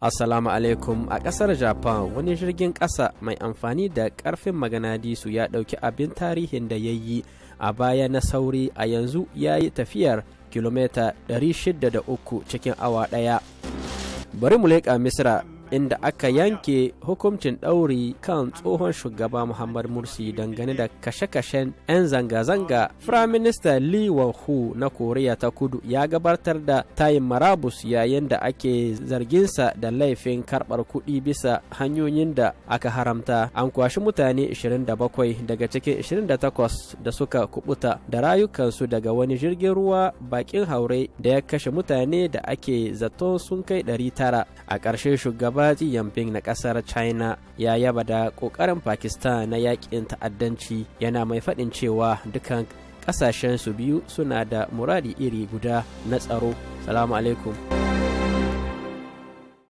Assalamu alaikum a ƙasar Japan wani jirgin ƙasa mai amfani da ƙarfin maganadisu ya ɗauki abin tarihin da ya yi a baya na sauri a yanzu ya yi tafiyar kilomita 603 cikin awa ɗaya. Bari mu leƙa Misra inda aka yanke hukuncin ɗauri kan tsohon shugaba Muhammad Mursi dangane da kashe-kashen 'yan zanga-zanga. Firaminista Lee Won-ho na Koriya ta Kudu ya gabatar da tayin marabus yayin da ake zarginsa da laifin karɓar kuɗi bisa hanyoyin da aka haramta. An kwashi mutane 27 daga cikin 28 da suka kubuta da rayukansu daga wani jirgin ruwa bakin haure da ya kashe mutane da ake zato sun kai 900. A ƙarshen shugaba baji yambing na kasar china ya yaba da kokarin pakistan na yakin ta'addanci yana mai faɗin cewa dukkan kasashen su biyu suna da muradi iri guda na tsaro salamu alaikum